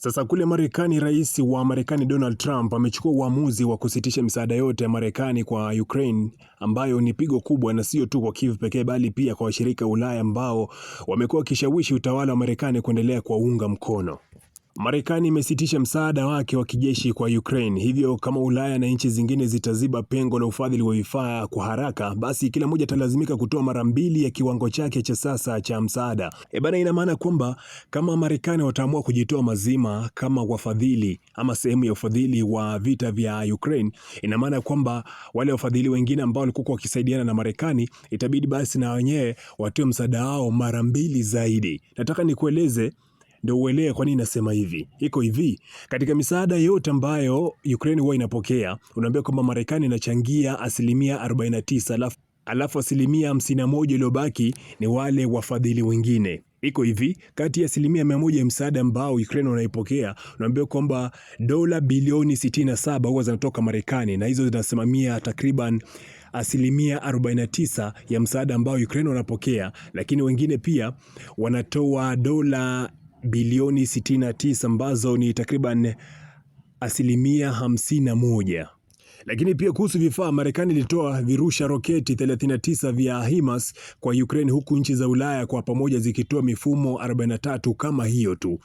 Sasa kule Marekani, rais wa Marekani Donald Trump amechukua uamuzi wa kusitisha misaada yote ya Marekani kwa Ukraine, ambayo ni pigo kubwa, na sio tu kwa Kiev pekee, bali pia kwa washirika wa Ulaya ambao wamekuwa wakishawishi utawala wa Marekani kuendelea kuwaunga mkono. Marekani imesitisha msaada wake wa kijeshi kwa Ukraine. Hivyo kama Ulaya na nchi zingine zitaziba pengo la ufadhili wa vifaa kwa haraka, basi kila mmoja atalazimika kutoa mara mbili ya kiwango chake cha sasa cha msaada. E bana, ina maana kwamba kama Marekani wataamua kujitoa mazima kama wafadhili ama sehemu ya ufadhili wa vita vya Ukraine, ina maana kwamba wale wafadhili wengine ambao walikuwa wakisaidiana na Marekani itabidi basi na wenyewe watoe msaada wao mara mbili zaidi. Nataka nikueleze ndio uelewe kwa nini nasema hivi. Iko hivi, katika misaada yote ambayo Ukraine huwa inapokea, unaambia kwamba Marekani inachangia asilimia 49, alafu alafu asilimia 51 iliyobaki ni wale wafadhili wengine. Iko hivi, kati ya asilimia mia moja ya msaada ambao Ukraine wanaipokea, unaambia kwamba dola bilioni 67 huwa zinatoka Marekani na hizo zinasimamia takriban asilimia 49 ya msaada ambao Ukraine wanapokea, lakini wengine pia wanatoa dola bilioni 69 ambazo ni takriban asilimia 51. Lakini pia kuhusu vifaa, Marekani ilitoa virusha roketi 39 vya HIMARS kwa Ukraine, huku nchi za Ulaya kwa pamoja zikitoa mifumo 43 kama hiyo tu.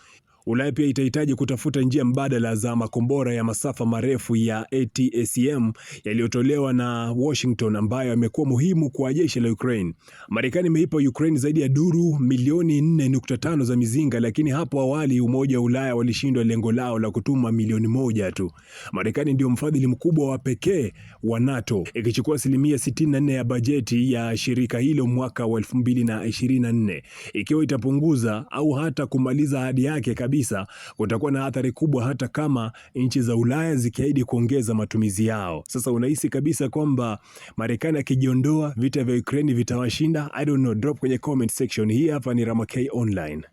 Ulaya pia itahitaji kutafuta njia mbadala za makombora ya masafa marefu ya ATACMS yaliyotolewa na Washington ambayo yamekuwa muhimu kwa jeshi la Ukraine. Marekani imeipa Ukraine zaidi ya duru milioni 4.5 za mizinga, lakini hapo awali Umoja wa Ulaya walishindwa lengo lao la kutuma milioni moja tu. Marekani ndio mfadhili mkubwa wa pekee wa NATO ikichukua asilimia 64 ya bajeti ya shirika hilo mwaka wa 2024 ikiwa itapunguza au hata kumaliza ahadi yake kabisa kutakuwa na athari kubwa, hata kama nchi za Ulaya zikiahidi kuongeza matumizi yao. Sasa unahisi kabisa kwamba Marekani akijiondoa, vita vya Ukraine vitawashinda? I don't know, drop kwenye comment section. Hii hapa ni Rama K Online.